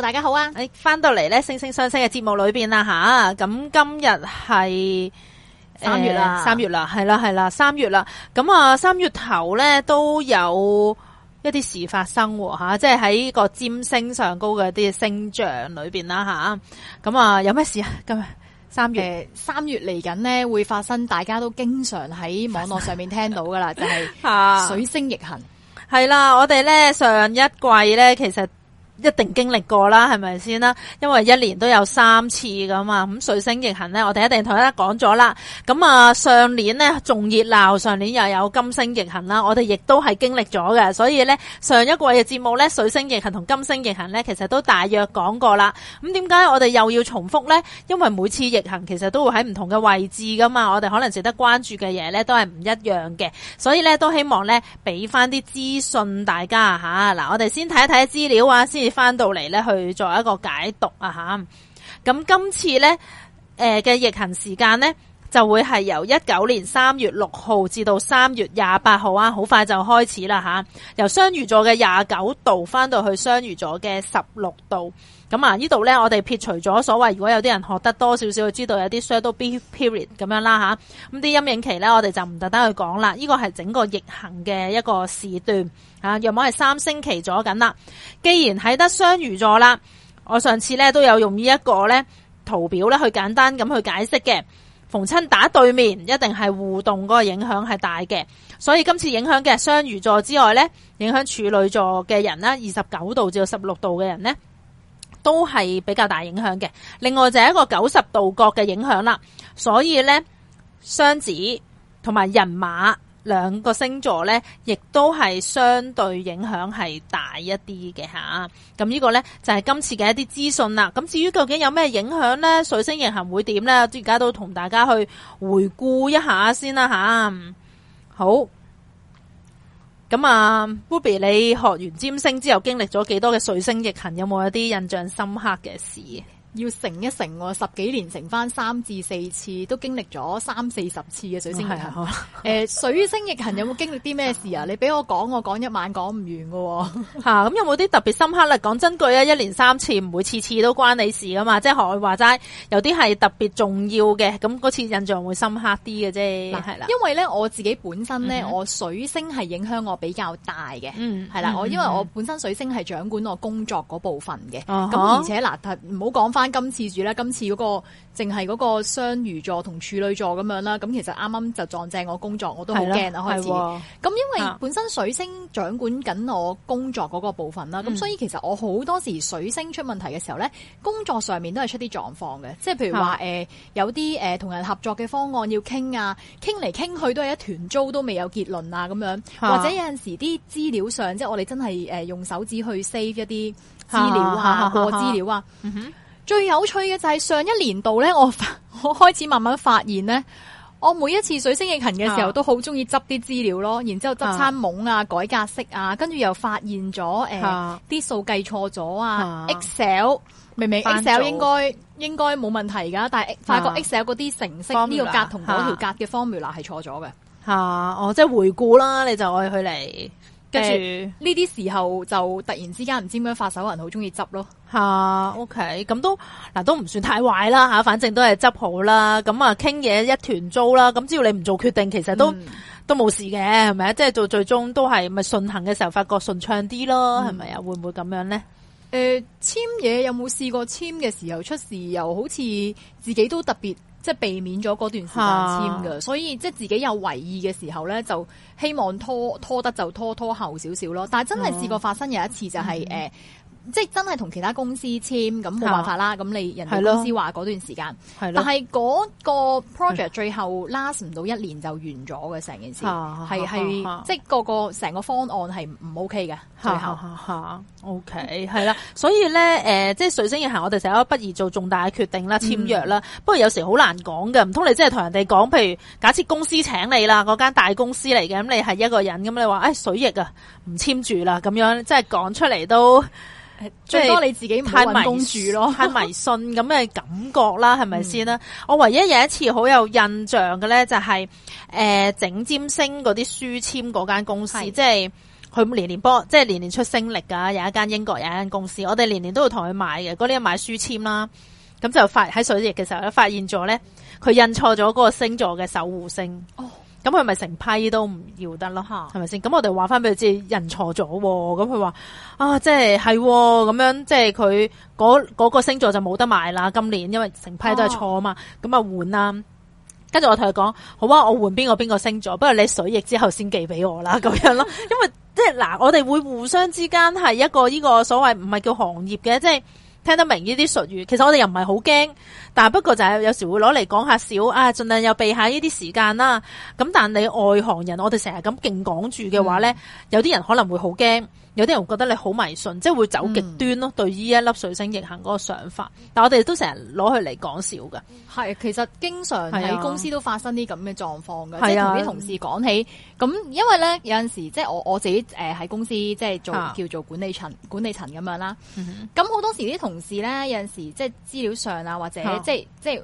大家好啊！你翻到嚟咧，星聲相析嘅節目裏邊啦，吓，咁今日係三月啦，三月啦，係啦係啦，三月啦。咁啊，三月，三月，三月頭咧都有一啲事發生，吓，即係喺個占星上高嘅啲星象裏邊啦，吓。咁啊，有咩事啊？今日三月，呃、三月嚟緊咧會發生，大家都經常喺網絡上面聽到噶啦， 就係水星逆行。係啦，我哋咧上一季咧，其實。一定經歷過啦，係咪先啦？因為一年都有三次噶嘛。咁水星逆行咧，我哋一定同大家講咗啦。咁啊，上年咧仲熱鬧，上年又有金星逆行啦，我哋亦都係經歷咗嘅。所以咧，上一季嘅節目咧，水星逆行同金星逆行咧，其實都大約講過啦。咁點解我哋又要重複咧？因為每次逆行其實都會喺唔同嘅位置噶嘛，我哋可能值得關注嘅嘢咧都係唔一樣嘅。所以咧都希望咧俾翻啲資訊大家吓，嗱、啊，我哋先睇一睇資料啊，先。翻到嚟咧，去做一個解讀啊！吓，咁今次咧，誒嘅逆行時間咧。就會係由一九年三月六號至到三月廿八號啊，好快就開始啦嚇。由雙魚座嘅廿九度返到去雙魚座嘅十六度咁啊。呢度呢，我哋撇除咗所謂如果有啲人學得多少少，知道有啲 shadow period 咁樣啦、啊、嚇。咁啲陰影期呢，我哋就唔特登去講啦。呢個係整個逆行嘅一個時段啊，若果係三星期左右啦。既然喺得雙魚座啦，我上次呢都有用呢一個呢圖表呢去簡單咁去解釋嘅。逢親打對面，一定係互動嗰個影響係大嘅，所以今次影響嘅雙魚座之外呢影響處女座嘅人啦，二十九度至到十六度嘅人呢，都係比較大影響嘅。另外就係一個九十度角嘅影響啦，所以呢，雙子同埋人馬。兩個星座咧，亦都係相對影響係大一啲嘅吓。咁呢個咧就係、是、今次嘅一啲資訊啦。咁至於究竟有咩影響咧，水星逆行會點咧？而家都同大家去回顧一下先啦吓。好咁啊，Ruby，你學完占星之後經歷咗幾多嘅水星逆行，有冇一啲印象深刻嘅事？要乘一乘，十幾年乘翻，三至四次，都經歷咗三四十次嘅水星逆行。誒、哦， 水星逆行有冇經歷啲咩事 啊？你俾我講，我講一晚講唔完噶吓。咁有冇啲特別深刻啦？講真句啊，一年三次唔會次次都關你事㗎嘛。即係學我話齋，有啲係特別重要嘅，咁嗰次印象會深刻啲嘅啫。係、啊、啦，因為咧我自己本身咧、嗯，我水星係影響我比較大嘅。係、嗯、啦，我、嗯、因為我本身水星係掌管我工作嗰部分嘅。咁、嗯、而且嗱，唔好講翻。今次住咧，今次嗰、嗰個淨係嗰個雙魚座同處女座咁樣啦。咁其實啱啱就撞正我工作，我都好驚啊！開始咁，因為本身水星掌管緊我工作嗰個部分啦。咁、啊、所以其實我好多時水星出問題嘅時候呢、嗯，工作上面都係出啲狀況嘅。即係譬如話誒、啊呃，有啲誒同人合作嘅方案要傾啊，傾嚟傾去都係一團糟，都未有結論啊咁樣。或者有陣時啲資料上，即係我哋真係誒用手指去 save 一啲資料啊，過資料啊。啊啊。最有趣嘅就係上一年度咧，我我開始慢慢發現咧，我每一次水星逆行嘅時候、啊、都好中意執啲資料咯，然之後執餐懵啊、改格式啊，跟住又發現咗誒，啲數計錯咗啊，啊，Excel 明明 Excel 應該應該冇問題噶，但係發覺 Excel 嗰啲程式呢個格同嗰條格嘅 formula 係錯咗嘅。吓、啊，哦，即係回顧啦，你就愛佢嚟。跟住呢啲時候就突然之間唔知點樣發手人好中意執咯吓、啊、，OK，咁都嗱都唔算太壞啦吓，反正都係執好啦，咁啊傾嘢一團糟啦，咁只要你唔做決定，其實都、嗯、都冇事嘅係咪啊？即係到最終都係咪順行嘅時候，發覺順暢啲咯，係咪啊？會唔會咁樣咧？誒、呃，簽嘢有冇試過簽嘅時候出事，又好似自己都特別。即係避免咗嗰段時間簽㗎。啊、所以即係自己有為意嘅時候呢，就希望拖拖得就拖拖後少少咯。但係真係試過發生有一次就係、是嗯呃即係真係同其他公司簽咁冇辦法啦。咁、啊、你人哋公司話嗰段時間，啊、但係嗰個 project 最後 last 唔到一年就完咗嘅成件事，係係、啊啊啊、即係個個成個方案係唔 OK 嘅。最後是啊是啊是啊 OK 係啦、啊，所以咧、呃、即係水星逆行，我哋成日都不宜做重大嘅決定啦，簽約啦。嗯、不過有時好難講嘅，唔通你真係同人哋講，譬如假設公司請你啦，嗰間大公司嚟嘅，咁你係一個人咁，你話誒、哎、水逆啊，唔簽住啦咁樣，即係講出嚟都。最多你自己太迷信咯，太迷信咁嘅 感覺啦，係咪先啦？嗯、我唯一有一次好有印象嘅咧、就是，就係誒整占星嗰啲書籤嗰間公司，是即係佢年年波，即係年年出星力噶。有一間英國有一間公司，我哋年年都會同佢買嘅。嗰啲買書籤啦，咁就發喺水逆嘅時候咧，發現咗咧佢印錯咗嗰個星座嘅守護星。哦咁佢咪成批都唔要得咯，係咪先？咁 我哋話翻俾佢知，人錯咗。咁佢話啊，即係係咁樣，即係佢嗰個個星座就冇得賣啦。今年因為成批都係錯啊嘛，咁、哦、啊換啦。跟住我同佢講，好啊，我換邊個邊個星座，不如你水逆之後先寄俾我啦，咁樣咯。 因為即係嗱，我哋會互相之間係一個呢個所謂唔係叫行業嘅，即係。聽得明呢啲術語，其實我哋又唔係好驚，但係不過就係有時會攞嚟講下笑啊，盡量又避下呢啲時間啦。咁但你外行人，我哋成日咁勁講住嘅話呢、嗯、有啲人可能會好驚。有啲人覺得你好迷信，即係會走極端咯，嗯、對於一粒水星逆行嗰個想法。但我哋都成日攞佢嚟講笑嘅。係，其實經常喺公司都發生啲咁嘅狀況嘅，即係同啲同事講起。咁因為咧，有陣時即係我我自己誒喺公司即係做叫做管理層、管理層咁樣啦。咁、嗯、好多時啲同事咧，有陣時即係資料上啊，或者是、啊、即係即係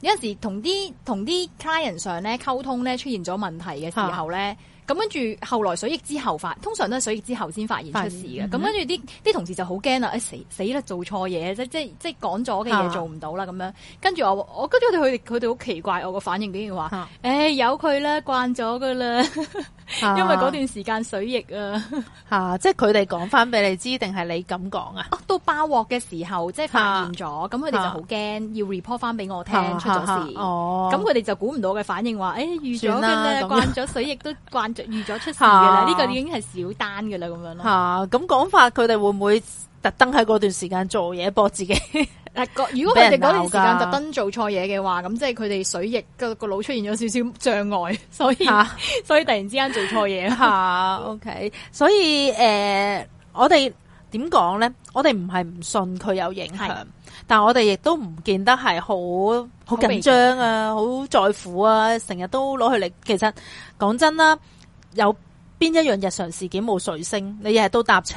有陣時同啲同啲 client 上咧溝通咧，出現咗問題嘅時候咧。咁跟住後來水逆之後發，通常都係水逆之後先發現出事嘅。咁跟住啲啲同事就好驚啦！誒，死死啦，做錯嘢，即即即講咗嘅嘢做唔到啦咁樣。跟住、啊、我，我跟住佢哋，佢哋佢哋好奇怪我個反應，竟然話：誒、啊哎，有佢啦，慣咗㗎啦。 因為嗰段時間水逆啊， 啊，吓，即係佢哋講翻俾你知道，定係你咁講啊？哦、啊，到爆鑊嘅時候，即係發現咗，咁佢哋就好驚，要 report 翻俾我聽、啊啊、出咗事。哦、啊，咁佢哋就估唔到嘅反應話，誒預咗嘅咧，慣咗水逆 都慣咗預咗出事嘅咧，呢、啊這個已經係小單嘅啦，咁、啊、樣咯。吓、啊，咁講法，佢哋會唔會？特登喺嗰段時間做嘢，搏自己。嗱，如果佢哋嗰段時間特登做錯嘢嘅話，咁即係佢哋水逆個個腦出現咗少少障礙，所以、啊、所以突然之間做錯嘢。嚇、啊、OK。所以誒、呃，我哋點講咧？我哋唔係唔信佢有影響，但我哋亦都唔見得係好好緊張啊，好在乎啊，成日都攞佢嚟。其實講真啦，有邊一樣日常事件冇水星？你日日都搭車。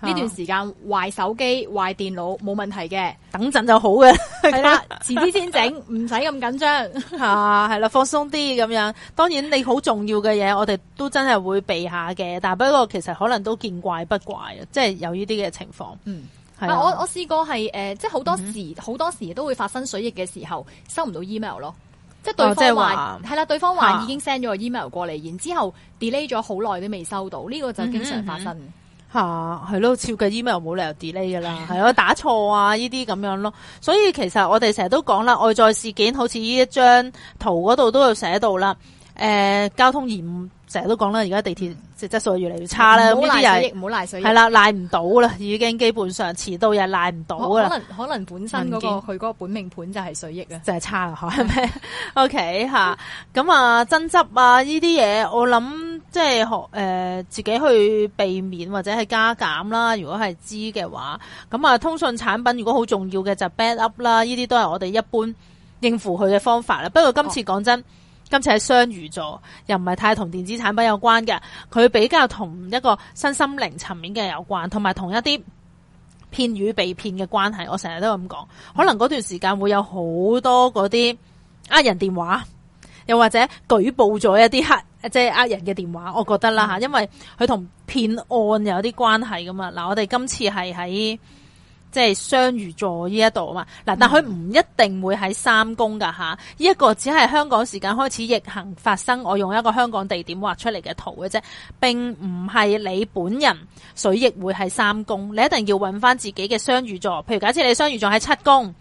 呢段時間、啊、壞手機、壞電腦冇問題嘅，等陣就好嘅。係啦，遲啲先整，唔使咁緊張。吓，係啦，放鬆啲咁樣。當然你好重要嘅嘢，我哋都真係會避一下嘅。但不過其實可能都見怪不怪，即係有呢啲嘅情況。嗯，係啊、我我試過係誒、呃，即係好多時好、嗯、多時都會發生水逆嘅時候收唔到 email 咯。即係對方話係啦，對方話已經 send 咗個 email、啊、過嚟，然之後 delay 咗好耐都未收到，呢、嗯呢個就經常發生。嗯哼哼吓、啊，係咯，照嘅 email 冇理由 delay 噶啦，係 咯打錯啊，呢啲咁樣咯。所以其實我哋成日都講啦，外在事件好似呢一張圖嗰度都有寫到啦。誒、呃，交通延誤成日都講啦，而家地鐵質質素越嚟越差啦。冇賴水逆，冇賴水逆啦，賴唔到啦，了了 已經基本上遲到又賴唔到啦。可能可能本身嗰、那個佢嗰、嗯、個本命盤就係水逆 Okay，啊，就係差啦，吓係咪？OK 吓，咁啊爭執啊呢啲嘢，我諗。即係學誒、呃，自己去避免或者係加減啦。如果係知嘅話，咁啊，通訊產品如果好重要嘅就 backup 啦。呢啲都係我哋一般應付佢嘅方法啦。不過今次講真，哦，今次係雙魚座，又唔係太同電子產品有關嘅，佢比較同一個身心靈層面嘅有關同埋同一啲騙與被騙嘅關係。我成日都咁講，可能嗰段時間會有好多嗰啲呃人電話，又或者舉報咗一啲黑。即係呃人嘅電話，我覺得啦吓，因為佢同騙案有啲關係噶嘛。嗱，我哋今次係喺即係雙魚座呢一度啊嘛。嗱，但佢唔一定會喺三宮噶吓，呢一個只係香港時間開始逆行發生。我用一個香港地點畫出嚟嘅圖嘅啫，並唔係你本人水逆會喺三宮。你一定要揾翻自己嘅雙魚座。譬如假設你雙魚座喺七宮，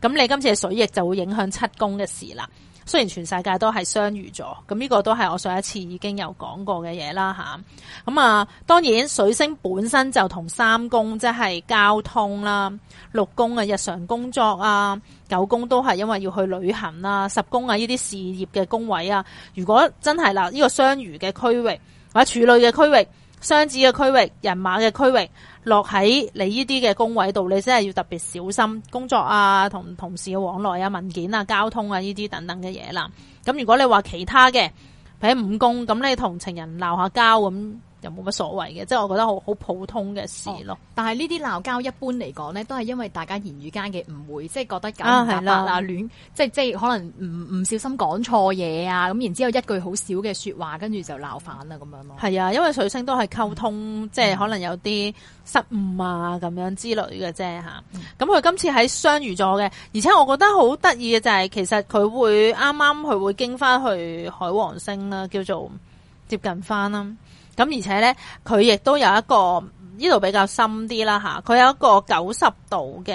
咁你今次嘅水逆就會影響七宮嘅事啦。雖然全世界都係相遇咗，咁呢個都係我上一次已經有講過嘅嘢啦吓，咁啊，當然水星本身就同三宮，即係交通啦、六宮啊日常工作啊、九宮都係因為要去旅行啦、十宮啊呢啲事業嘅工位啊，如果真係啦呢個相遇嘅區域或者處女嘅區域。雙子嘅區域、人馬嘅區域落喺你呢啲嘅工位度，你真係要特別小心工作啊、同同事嘅往來啊、文件啊、交通啊呢啲等等嘅嘢啦。咁如果你話其他嘅，譬如工功咁，那你同情人鬧下交咁。又冇乜所謂嘅，即係我覺得好好普通嘅事咯，哦。但係呢啲鬧交一般嚟講呢，都係因為大家言語間嘅誤會，即係覺得搞唔大把亂，即係即係可能唔唔小心講錯嘢啊，咁然之後一句好少嘅說話，跟住就鬧反啦咁樣咯。係、嗯、啊，因為水星都係溝通，嗯、即係可能有啲失誤啊咁樣之類嘅啫吓。咁佢今次喺雙魚座嘅，而且我覺得好得意嘅就係、是，其實佢會啱啱佢會經翻去海王星啦，叫做接近翻啦。咁而且咧，佢亦都有一個呢度比較深啲啦，吓佢有一個九十度嘅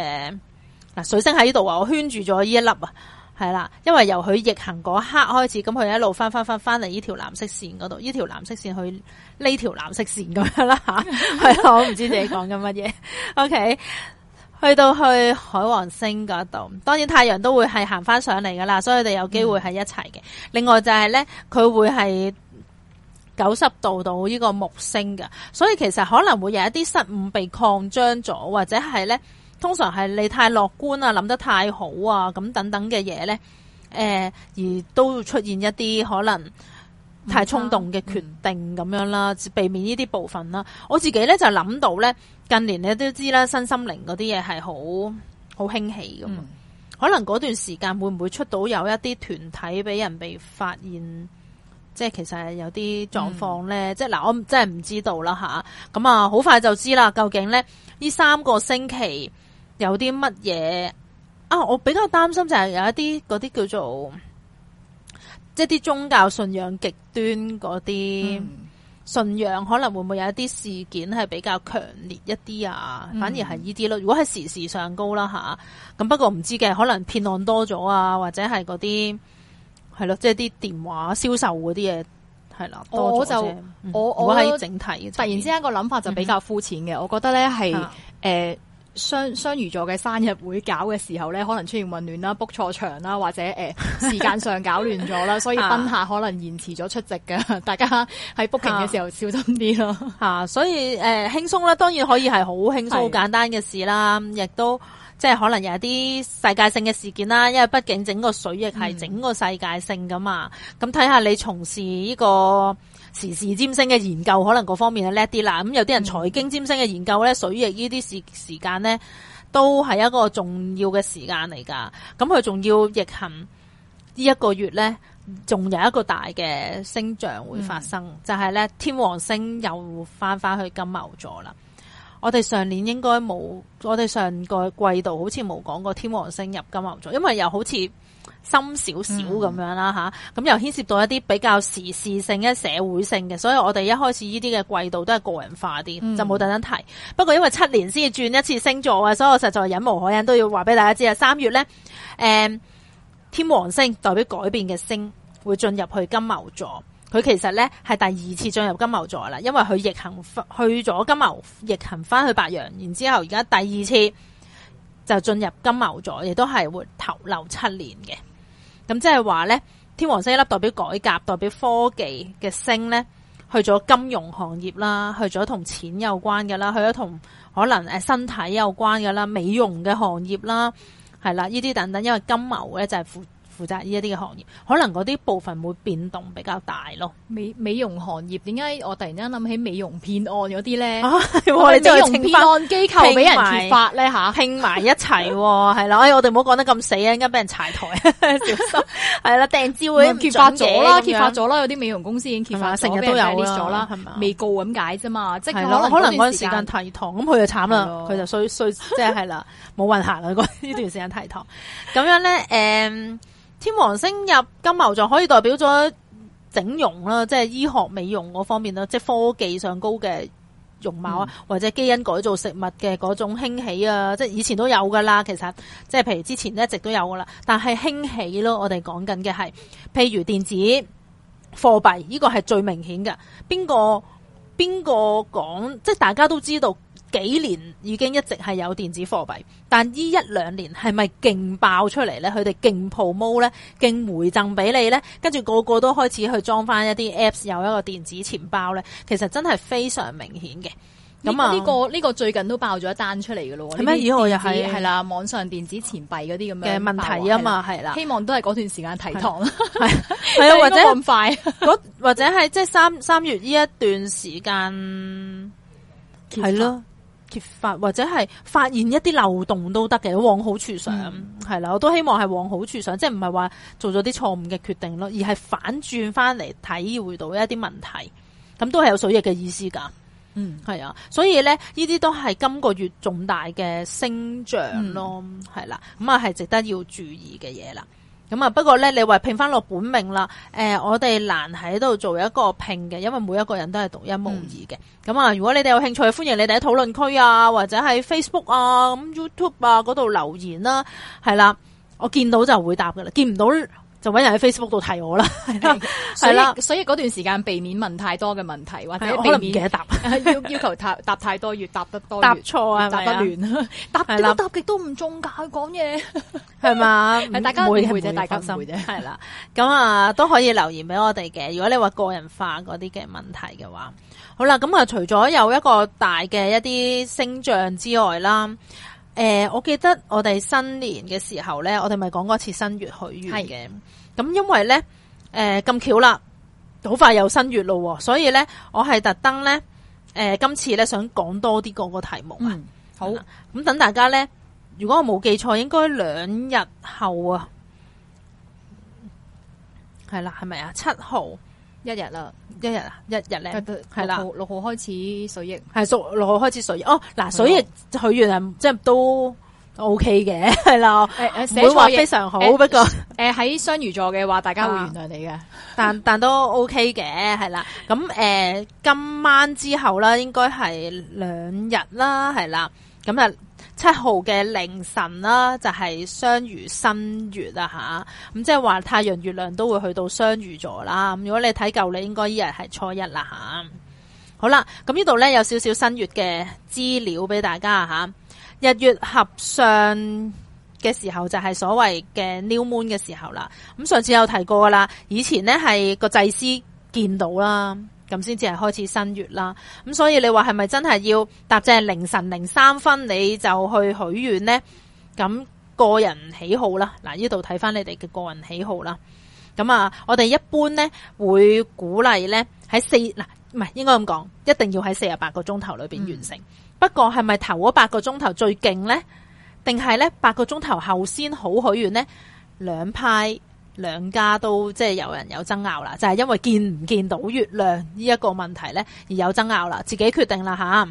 嗱水星喺呢度啊，我圈住咗呢一粒啊，係啦，因為由佢逆行嗰刻開始，咁佢一路翻翻翻翻嚟呢條藍色線嗰度，呢條藍色線去呢條藍色線咁樣啦，吓 係 我唔知你講緊乜嘢，OK，去到去海王星嗰度，當然太陽都會係行翻上嚟噶啦，所以佢哋有機會係一齊嘅、嗯。另外就係咧，佢會係。九十度到呢個木星嘅，所以其實可能會有一啲失誤被擴張咗，或者係呢，通常係你太樂觀啊，諗得太好啊，咁等等嘅嘢呢，誒、呃，而都出現一啲可能太衝動嘅決定咁樣啦，避免呢啲部分啦。我自己呢，就諗到呢，近年你都知啦，身心靈嗰啲嘢係好好興起嘛、嗯，可能嗰段時間會唔會出到有一啲團體俾人被發現？即係其實有啲狀況咧，即係嗱，我真係唔知道啦吓。咁、嗯、啊，好快就知啦，究竟咧呢三個星期有啲乜嘢啊？我比較擔心就係有一啲嗰啲叫做即係啲宗教信仰極端嗰啲、嗯、信仰，可能會唔會有一啲事件係比較強烈一啲啊、嗯？反而係呢啲咯。如果係時事上高啦吓，咁、嗯、不過唔知嘅，可能騙案多咗啊，或者係嗰啲。係咯，即係啲電話銷售嗰啲嘢係啦，我，我就我我喺整體。突然之間個諗法就比較膚淺嘅，我覺得咧係誒雙雙魚座嘅生日會搞嘅時候咧，可能出現混亂啦，book 錯場啦，或者誒、呃、時間上搞亂咗啦，所以賓客可能延遲咗出席噶，大家喺 booking 嘅時候小心啲咯吓。所以誒輕鬆啦，當然可以係好輕鬆、好簡單嘅事啦，亦都。即係可能有啲世界性嘅事件啦，因為畢竟整個水逆係整個世界性噶嘛。咁睇下你從事呢個時事占星嘅研究，可能嗰方面係叻啲啦。咁有啲人財經占星嘅研究咧、嗯，水逆呢啲時間咧，都係一個重要嘅時間嚟㗎。咁佢仲要逆行呢一、這個月咧，仲有一個大嘅星象會發生，嗯、就係、是、咧天王星又翻返去金牛座啦。我哋上年應該冇，我哋上個季度好似冇講過天王星入金牛座，因為又好似深少少咁樣啦吓，咁、嗯啊、又牽涉到一啲比較時事性、嘅社會性嘅，所以我哋一開始呢啲嘅季度都係個人化啲，就冇特登提、嗯。不過因為七年先轉一次星座啊，所以我實在忍無可忍，都要話俾大家知啊。三月呢，嗯、天王星代表改變嘅星會進入去金牛座。佢其實咧係第二次進入金牛座啦，因為佢逆行去咗金牛，逆行翻去白羊，然之後而家第二次就進入金牛座，亦都係會逗留七年嘅。咁即係話咧，天王星一粒代表改革、代表科技嘅星咧，去咗金融行業啦，去咗同錢有關嘅啦，去咗同可能誒身體有關嘅啦，美容嘅行業啦，係啦，呢啲等等，因為金牛咧就係、是。負責呢一啲嘅行業，可能嗰啲部分會變動比較大咯。美美容行業點解我突然間諗起美容騙案嗰啲咧？我哋再俾人揭發咧吓，拼埋一齊，係啦。我哋唔好講得咁死啊，應該俾人柴台，小心係啦。訂照已揭發咗啦，揭發咗啦。有啲美容公司已經揭發了，成日都有啦，係咪？未告咁解啫嘛，即係可，可能那可能嗰段時間提堂，咁佢就慘啦，佢就衰衰， 即係係啦，冇運行啦。了 呢段時間提堂，咁樣咧，誒。天王星入金牛座可以代表咗整容啦，即係醫學美容嗰方面啦，即係科技上高嘅容貌啊，或者基因改造食物嘅嗰種興起啊，即係以前都有噶啦，其實即係譬如之前一直都有噶啦，但係興起咯，我哋講緊嘅係，譬如電子貨幣呢個係最明顯嘅，邊個邊個講，即係大家都知道。幾年已經一直係有電子貨幣，但依一兩年係咪勁爆出嚟咧？佢哋勁 promote 咧，勁回贈俾你咧，跟住個個都開始去裝翻一啲 apps，有一個電子錢包咧，其實真係非常明顯嘅。咁啊，呢、呢個呢、呢個呢個最近都爆咗一單出嚟噶咯咁咩？又係係啦，網上電子錢幣嗰啲咁嘅問題啊嘛，係啦，啦，啦。希望都係嗰段時間提堂啦，係 啊對啦， 或者咁快，嗰或者係即係三三月呢一段時間係咯。 揭發或者係發現一啲漏洞都得嘅，往好處想，係、嗯、啦，我都希望係往好處想，即係唔係話做咗啲錯誤嘅決定咯，而係反轉翻嚟體會到一啲問題，咁都係有水逆嘅意思噶，嗯，係啊，所以咧呢啲都係今個月重大嘅星象咯，係、嗯、啦，咁啊係值得要注意嘅嘢啦。咁啊，不過咧，你話拼翻落本命啦，誒、呃，我哋難喺度做一個拼嘅，因為每一個人都係獨一無二嘅。咁、嗯、啊，如果你哋有興趣，歡迎你哋喺討論區啊，或者喺 Facebook 啊，咁 YouTube 啊嗰度留言啦，啊，係啦，我見到就會回答噶啦，見唔到就揾人喺 Facebook 度提我啦，係啦，所以所以嗰段時間避免問太多嘅問題，或者避免我可能不記得答要，要要求太答太多越，越答得多越，答錯啊，答得亂啊，答都答極都唔中佢講嘢係嘛？唔會，唔會啫，大家心啫，係啦，咁啊都可以留言俾我哋嘅。如果你話個人化嗰啲嘅問題嘅話，好啦，咁啊，除咗有一個大嘅一啲星象之外啦，誒、呃，我記得我哋新年嘅時候咧，我哋咪講過一次新月許願嘅。咁因為咧，誒、呃、咁巧啦，好快又新月咯，所以咧，我係特登咧，誒、呃、今次咧想講多啲嗰個題目啊、嗯。好，咁等大家咧，如果我冇記錯，應該兩日後啊，係啦，係咪啊？七號。一日啦，一日啊，一日咧，係啦，六號六號，開始水逆，係六號開始水逆哦。嗱，水逆許願係即係都 O K 嘅，係啦，唔、OK 呃、會話非常好，不過誒喺雙魚座嘅話，大家會原諒你嘅、啊，但但都 O K 嘅，係啦。咁誒、呃，今晚之後啦，應該係兩日啦，係啦，咁啊。七號嘅凌晨啦，就係雙魚新月啊吓，咁即係話太陽月亮都會去到雙魚座啦。咁如果你睇舊，你應該依日係初一啦吓。好啦，咁呢度呢，有少少新月嘅資料俾大家吓。日月合相嘅時候就係所謂嘅 New Moon 嘅時候啦。咁上次有提過噶啦，以前呢係個祭司見到啦。咁先至係開始新月啦，咁所以你話係咪真係要，搭即凌晨零三分你就去許願呢？咁個人喜好啦，嗱呢度睇返你哋嘅個人喜好啦。咁啊，我哋一般呢會鼓勵呢喺四嗱，唔係應該咁講，一定要喺四十八個鐘頭裏邊完成。嗯、不過係咪頭嗰八個鐘頭最勁呢？定係呢八個鐘頭後先好許願呢？兩派。兩家都即係有人有爭拗啦，就係因為見唔見到月亮呢一個問題咧而有爭拗啦，自己決定啦吓，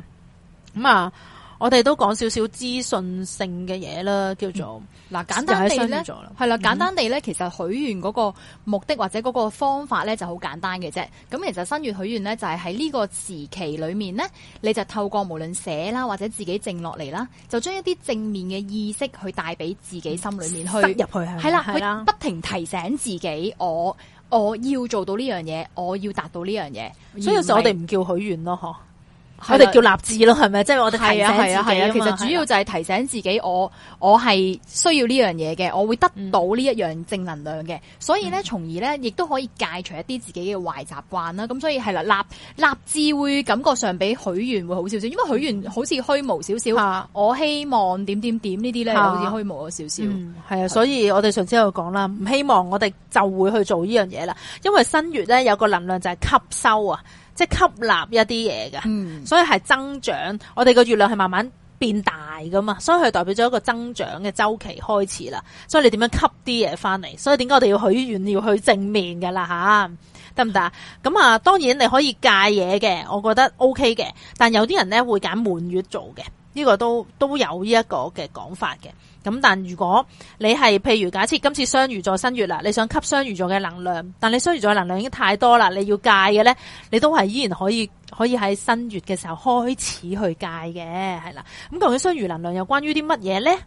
咁啊。嗯啊我哋都講少少資訊性嘅嘢啦，叫做嗱簡單地係啦，簡單地咧，就是嗯，其實許願嗰個目的或者嗰個方法咧就好簡單嘅啫。咁其實新月許願咧就係喺呢個時期裏面咧，你就透過無論寫啦或者自己靜落嚟啦，就將一啲正面嘅意識去帶俾自己心裏面去，入去係啦，係不停提醒自己我我要做到呢樣嘢，我要達到呢樣嘢。所以有時我哋唔叫許願咯，嗬。我哋叫立志咯，係咪？即係我哋提醒自己啊，係啊，係啊。其實主要就係提醒自己我，我我係需要呢樣嘢嘅，我會得到呢一樣正能量嘅，嗯。所以咧，從而咧，亦都可以戒除一啲自己嘅壞習慣啦。咁、嗯、所以係啦，立立志會感覺上比許願會好少少，嗯，因為許願好似虛無少少。我希望怎樣怎樣怎樣點點點呢啲咧，好似虛無咗少少。係、嗯、啊，所以我哋上次又講啦，唔希望我哋就會去做呢樣嘢啦。因為新月咧有個能量就係吸收啊。即係吸納一啲嘢㗎，嗯、所以係增長。我哋個月亮係慢慢變大噶嘛，所以係代表咗一個增長嘅周期開始啦。所以你點樣吸啲嘢翻嚟？所以點解我哋要許願要去正面㗎啦？吓得唔得？咁啊，當然你可以戒嘢嘅，我覺得 OK 嘅。但有啲人咧會揀滿月做嘅。呢、這個都都有呢一個嘅講法嘅。咁但如果你係譬如假設今次雙魚座新月啦，你想吸雙魚座嘅能量，但你雙魚座嘅能量已經太多啦，你要戒嘅呢，你都係依然可以可以喺新月嘅時候開始去戒嘅，係啦。咁究竟雙魚能量又關於啲乜嘢呢？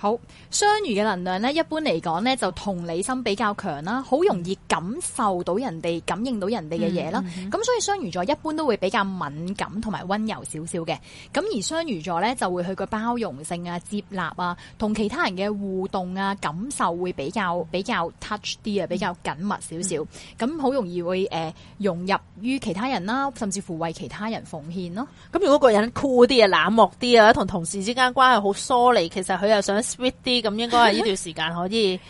好雙魚嘅能量咧，一般嚟講咧就同理心比較強啦，好容易感受到人哋、感應到人哋嘅嘢啦。咁、mm -hmm. 所以雙魚座一般都會比較敏感同埋温柔少少嘅。咁而雙魚座咧就會佢個包容性啊、接納啊，同其他人嘅互動啊、感受會比較、mm -hmm. 比較 touch 啲啊，比較緊密少少。咁、mm、好 -hmm. 容易會誒、呃、融入於其他人啦，甚至乎為其他人奉獻咯。咁如果個人 cool 啲啊、冷漠啲啊，同同事之間關係好疏離，其實佢又想。sweet 啲咁，應該係呢段時間可以，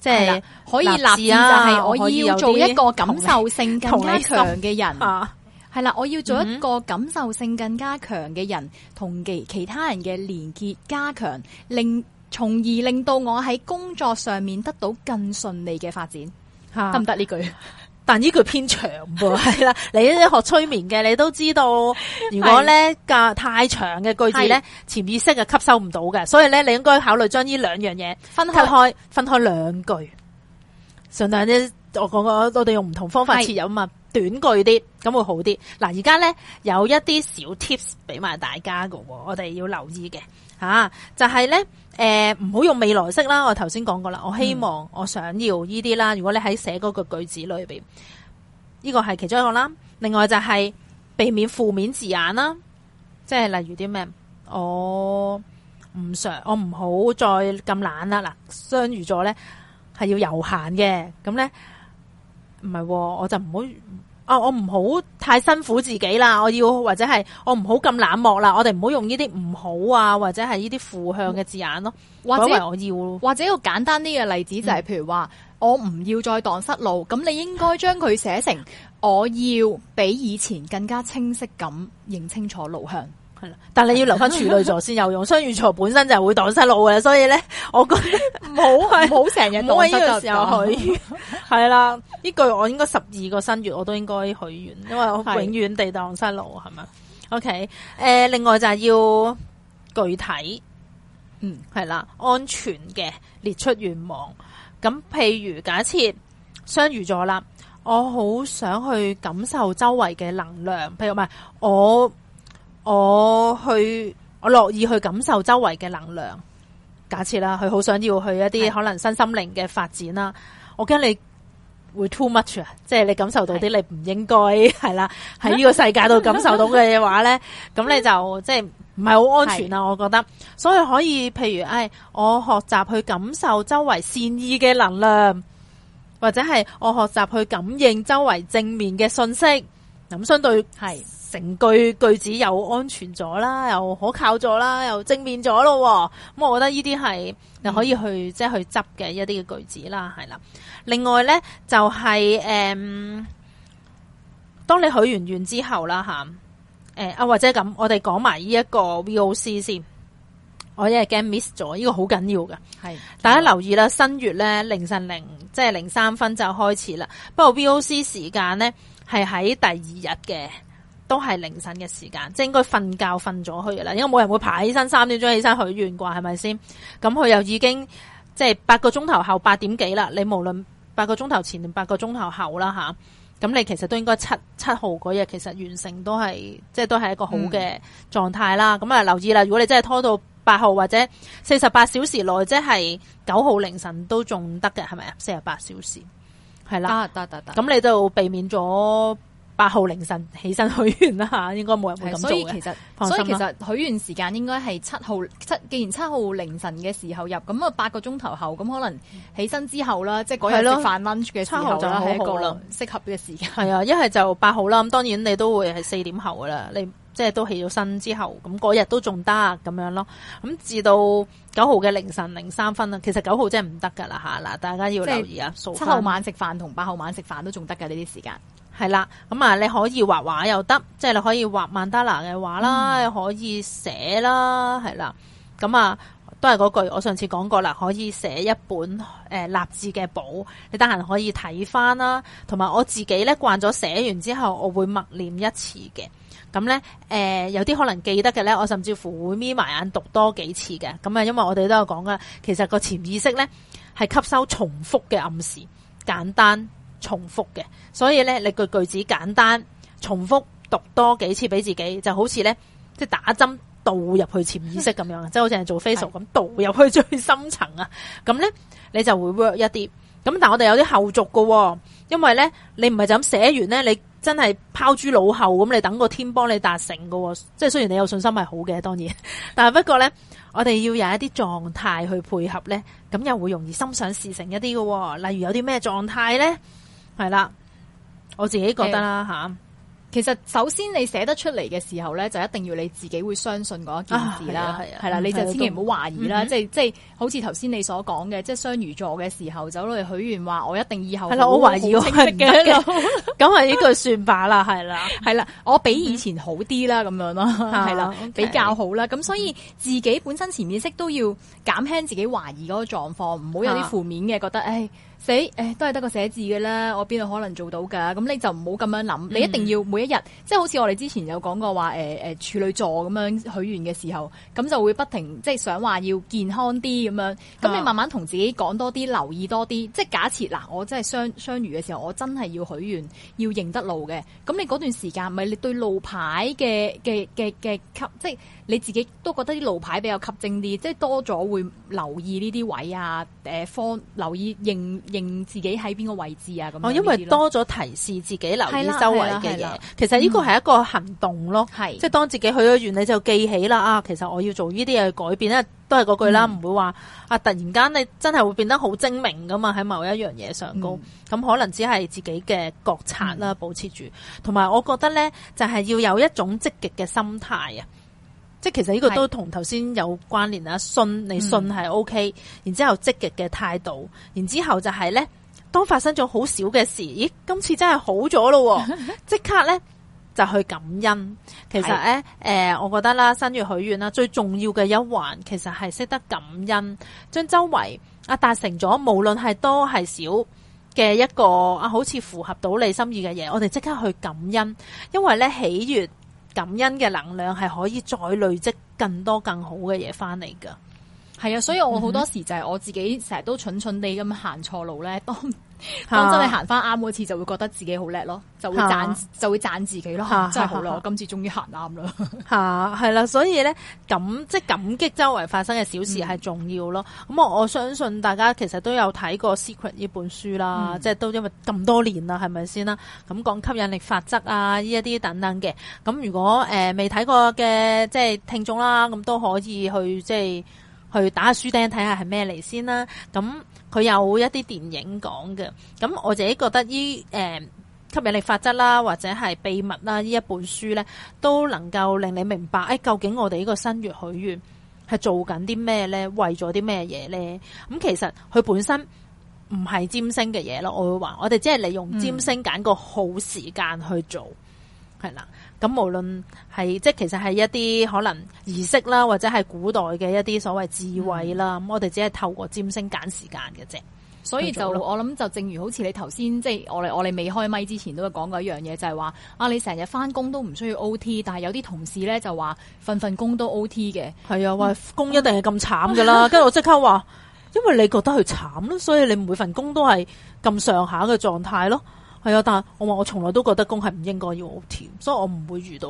即係可以立願，就係我要做一個感受性更加強嘅人。係啦，我要做一個感受性更加強嘅人，同其其他人嘅連結加強，令從而令到我喺工作上面得到更順利嘅發展。得唔得呢句？但呢句是偏長噃，係 啦。你一學催眠嘅，你都知道，如果咧架 太長嘅句子咧，潛意識係吸收唔到嘅，所以咧你應該考慮將呢兩樣嘢分開，分開兩句。盡量咧，我講我我哋用唔同方法切入啊嘛。短句啲咁會好啲。嗱，而家咧有一啲小 tips 俾埋大家噶，我哋要留意嘅，吓、啊、就係、是、咧，誒，唔好用未來式啦。我頭先講過啦，我希望、嗯、我想要依啲啦。如果你喺寫嗰個句子裏邊，呢、這個係其中一個啦。另外就係避免負面字眼啦，即係例如啲咩我唔想，我唔好再咁懶啦。嗱，雙魚座咧係要悠閒嘅，咁咧唔係我就唔好。啊、哦！我唔好太辛苦自己啦，我要或者係我唔好咁冷漠啦，我哋唔好用呢啲唔好啊，或者係呢啲負向嘅字眼咯，或者我要，或者一個簡單啲嘅例子就係、是，嗯、譬如話我唔要再蕩失路，咁你應該將佢寫成我要比以前更加清晰咁認清楚路向。係啦，但係你要留返處女座先有用，雙 魚座本身就係會蕩失路嘅，所以咧，我覺得唔好係唔好成日都喺呢個時候去，係 啦， 呢句我應該十二個新月我都應該許願，因為我永遠地蕩失路係嘛？OK，誒、呃，另外就係要具體，嗯，係啦，安全嘅列出願望，咁譬如假設雙魚座啦，我好想去感受周圍嘅能量，譬如唔係我。我去，我樂意去感受周圍嘅能量。假設啦，佢好想要去一啲可能身心靈嘅發展啦，我驚你會 too much 啊！即係你感受到啲你唔應該係啦，喺呢個世界度感受到嘅話呢，咁 你就即係唔係好安全啊！我覺得，所以可以譬如，哎，我學習去感受周圍善意嘅能量，或者係我學習去感應周圍正面嘅信息。咁相對係成句句子又安全咗啦，又可靠咗啦，又正面咗咯。咁我覺得呢啲係又可以去、嗯、即係去執嘅一啲嘅句子啦，係啦。另外咧就係、是、誒、嗯，當你許完願之後啦，吓誒啊，啊或者咁，我哋講埋呢一個 VOC 先。我一係驚 miss 咗呢個好緊要嘅，係大家留意啦。新月咧凌晨零即係零三分就開始啦，不過 VOC 時間咧。係喺第二日嘅，都係凌晨嘅時間，即係應該瞓覺瞓咗去啦。因為冇人會爬起身三點鐘起身許願啩，係咪先？咁佢又已經即係八個鐘頭後八點幾啦。你無論八個鐘頭前定八個鐘頭後啦吓，咁、啊、你其實都應該七七號嗰日那天其實完成都係，即係都係一個好嘅狀態啦。咁、嗯、啊，留意啦，如果你真係拖到八號或者四十八小時內，即係九號凌晨都仲得嘅，係咪啊？四十八小時。係啦，得得得，咁你就避免咗八號凌晨起身許願啦吓，應該冇人會咁做嘅。所以其實，所以其實許願時間應該係七號七，7, 既然七號凌晨嘅時候入，咁啊八個鐘頭後，咁可能起身之後啦、嗯，即係嗰日食飯 lunch 嘅時候就係一個適合嘅時間。係啊，一係就八號啦，咁當然你都會係四點後噶啦，你。 即係都起咗身之後，咁嗰日都仲得咁樣咯。咁至到九號嘅凌晨零三分啦，其實九號真係唔得噶啦吓。嗱，大家要留意啊！七號晚食飯同八號晚食飯都仲得㗎。呢啲時間。係啦，咁啊、嗯，你可以畫畫又得，即係你可以畫曼德蘭嘅畫啦，可以寫啦，係啦。咁啊，都係嗰句，我上次講過啦，可以寫一本誒勵志嘅簿，你得閒可以睇翻啦。同埋我自己咧，慣咗寫完之後，我會默念一次嘅。咁、嗯、咧，誒、呃、有啲可能記得嘅咧，我甚至乎會眯埋眼讀多幾次嘅。咁啊，因為我哋都有講噶，其實個潛意識咧係吸收重複嘅暗示，簡單重複嘅。所以咧，你句句子簡單重複讀多幾次俾自己，就好似咧即係打針導入去潛意識咁樣，即 係好似係做 facial 咁導入去最深層啊。咁咧你就會 work 一啲。咁但我哋有啲後續噶，因為咧你唔係就咁寫完咧，你。真係拋諸腦後咁，你等個天幫你達成噶，即係雖然你有信心係好嘅，當然，但係不過呢，我哋要有一啲狀態去配合呢，咁又會容易心想事成一啲喎。例如有啲咩狀態呢？係啦，我自己覺得啦吓。Hey. 其實首先你寫得出嚟嘅時候咧，就一定要你自己會相信嗰一件事啦，係、啊、啦，你就千祈唔好懷疑啦，嗯、即係即係好似頭先你所講嘅，即係雙魚座嘅時候走落嚟許願話我一定以後係啦我懷疑我嘅，咁啊呢句算罷啦，係啦，係 啦，我比以前好啲啦，咁樣咯，係啦，比較好啦，咁所以自己本身潛意識都要減輕自己懷疑嗰個狀況，唔好有啲負面嘅覺得，誒、哎。死，誒、哎、都係得個寫字嘅啦，我邊度可能做到㗎？咁你就唔好咁樣諗，你一定要每一日，即、嗯、係好似我哋之前有講過話，誒、呃、誒、呃、處女座咁樣許願嘅時候，咁就會不停即係、就是、想話要健康啲咁樣。咁你慢慢同自己講多啲，留意多啲。即係假設嗱，我真係雙雙魚嘅時候，我真係要許願，要認得路嘅。咁你嗰段時間，咪你對路牌嘅嘅嘅嘅吸，即係你自己都覺得啲路牌比較吸睛啲，即係多咗會留意呢啲位啊，方、呃、留意認認自己喺邊個位置啊？咁、哦、因為多咗提示自己留意周圍嘅嘢，其實呢個係一個行動咯，係、嗯、即係當自己去咗完，你就記起啦啊！其實我要做呢啲嘢改變咧，都係嗰句啦，唔、嗯、會話啊突然間你真係會變得好精明噶嘛喺某一、嗯、樣嘢上高，咁可能只係自己嘅覺察啦，保持住，同、嗯、埋我覺得呢，就係、是、要有一種積極嘅心態啊。即其實呢個都同頭先有關聯啦，信你信係 OK，然之後積極嘅態度，然之後就係呢，當發生咗好少嘅事，咦，今次真係好咗咯，即刻呢，就去感恩。其實咧，誒、呃，我覺得啦，新月許願啦，最重要嘅一環其實係識得感恩，將周圍啊達成咗，無論係多係少嘅一個啊，好似符合到你心意嘅嘢，我哋即刻去感恩，因為呢，喜悅。感恩嘅能量係可以再累積更多更好嘅嘢翻嚟噶，係啊，所以我好多時就係我自己成日都蠢蠢地咁行錯路咧，都當真你行翻啱嗰次，就會覺得自己好叻咯，就會讚、啊、就會讚自己咯、啊，真係好啦、啊！我今次終於行啱啦，吓係啦，所以咧感即係感激周圍發生嘅小事係重要咯。咁、嗯、我我相信大家其實都有睇過 Secret 呢本書啦、嗯，即係都因為咁多年啦，係咪先啦？咁講吸引力法則啊，呢一啲等等嘅。咁如果誒未睇過嘅即係聽眾啦，咁都可以去即係去打書釘睇下係咩嚟先啦。咁。佢有一啲電影講嘅，咁我自己覺得依誒、嗯、吸引力法則啦，或者係秘密啦，呢一本書呢，都能夠令你明白，誒、哎、究竟我哋呢個新月許願係做緊啲咩呢？為咗啲咩嘢呢？咁其實佢本身唔係占星嘅嘢咯，我會話，我哋只係利用占星揀個好時間去做，係、嗯、啦。是咁無論係即係其實係一啲可能儀式啦，或者係古代嘅一啲所謂智慧啦，嗯、我哋只係透過占星揀時間嘅啫。所以就我諗就正如好似你頭先即係我哋我哋未開咪之前都有講過一樣嘢，就係、是、話啊你成日翻工都唔需要 O T，但係有啲同事咧就話份份工都 O T 嘅。係啊、嗯，喂，工一定係咁慘噶啦，跟 住我即刻話，因為你覺得佢慘咯，所以你每份工都係咁上下嘅狀態咯。係啊，但係我話我從來都覺得工係唔應該要好甜，所以我唔會遇到。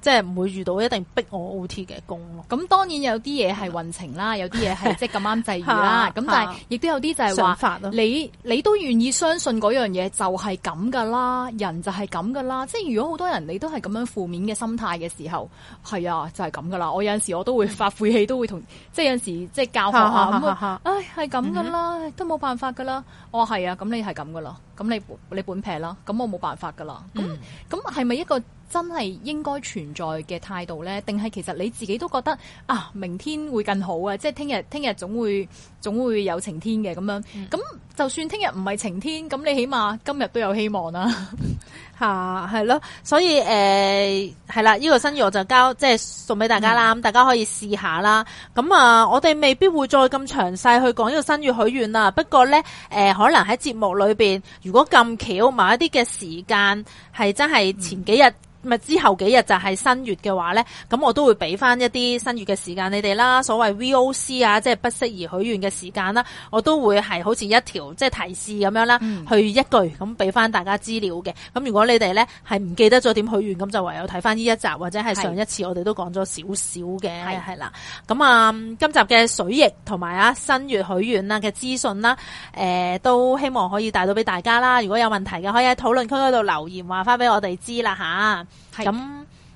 即係唔會遇到一定逼我 OT 嘅工咯。咁當然有啲嘢係運程啦， 有啲嘢係即係咁啱際遇啦。咁但係亦都有啲就係話、啊、你你都願意相信嗰樣嘢就係咁㗎啦，人就係咁㗎啦。即、就、係、是、如果好多人你都係咁樣負面嘅心態嘅時候，係啊就係咁㗎啦。我有陣時我都會發晦氣，都 會同即係、就是、有陣時即係教下嚇嚇唉，係咁㗎啦， 都冇辦法㗎啦。我、哦、係啊，咁你係咁㗎啦，咁你你本劈啦，咁我冇辦法㗎啦。咁咁係咪一個？真係應該存在嘅態度呢？定係其實你自己都覺得啊，明天會更好啊，即係聽日聽日總會總會有晴天嘅咁樣。咁、嗯、就算聽日唔係晴天，咁你起碼今日都有希望啦、啊。 啊，係咯，所以誒係啦，呢、呃呢個新月我就交即係送俾大家啦，咁、嗯、大家可以試下啦。咁啊，我哋未必會再咁詳細去講呢個新月許願啦。不過咧，誒、呃、可能喺節目裏邊如果咁巧埋一啲嘅時間係真係前幾日，咪、嗯、之後幾日就係新月嘅話咧，咁我都會俾翻一啲新月嘅時間你哋啦。所謂 VOC 啊，即係不適宜許願嘅時間啦，我都會係好似一條即係提示咁樣啦、嗯，去一句咁俾翻大家資料嘅。咁如果，你哋咧係唔記得咗點許願，咁就唯有睇翻呢一集或者係上一次我哋都講咗少少嘅。係啦。咁啊、嗯，今集嘅水逆同埋啊新月許願啊嘅資訊啦，誒、呃、都希望可以帶到俾大家啦。如果有問題嘅，可以喺討論區嗰度留言話翻俾我哋知啦吓。咁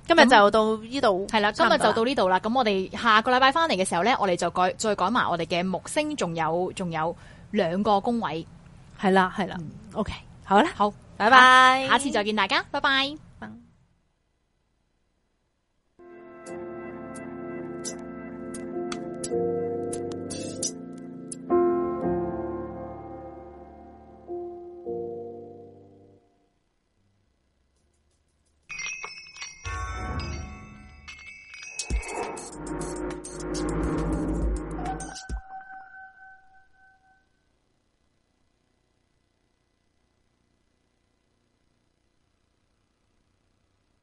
今日就到呢度係啦，今日就到呢度啦。咁我哋下個禮拜翻嚟嘅時候咧，我哋就改再講埋我哋嘅木星，仲有仲有兩個宮位係啦係啦。OK，好啦，好。拜拜，下次再見大家，拜拜。